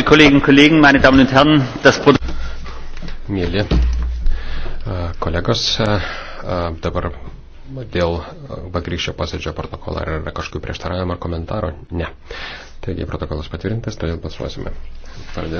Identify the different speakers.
Speaker 1: Liebe Kolleginnen und Kollegen, meine Damen und Herren, das
Speaker 2: Mėly kolegos, dabar dėl vakarykščio posėdžio protokolo ar yra kažkokių prieštaravimų ar komentarų? Ne. Taigi protokolas patvirtintas, todėl balsuosime.
Speaker 3: Pradės.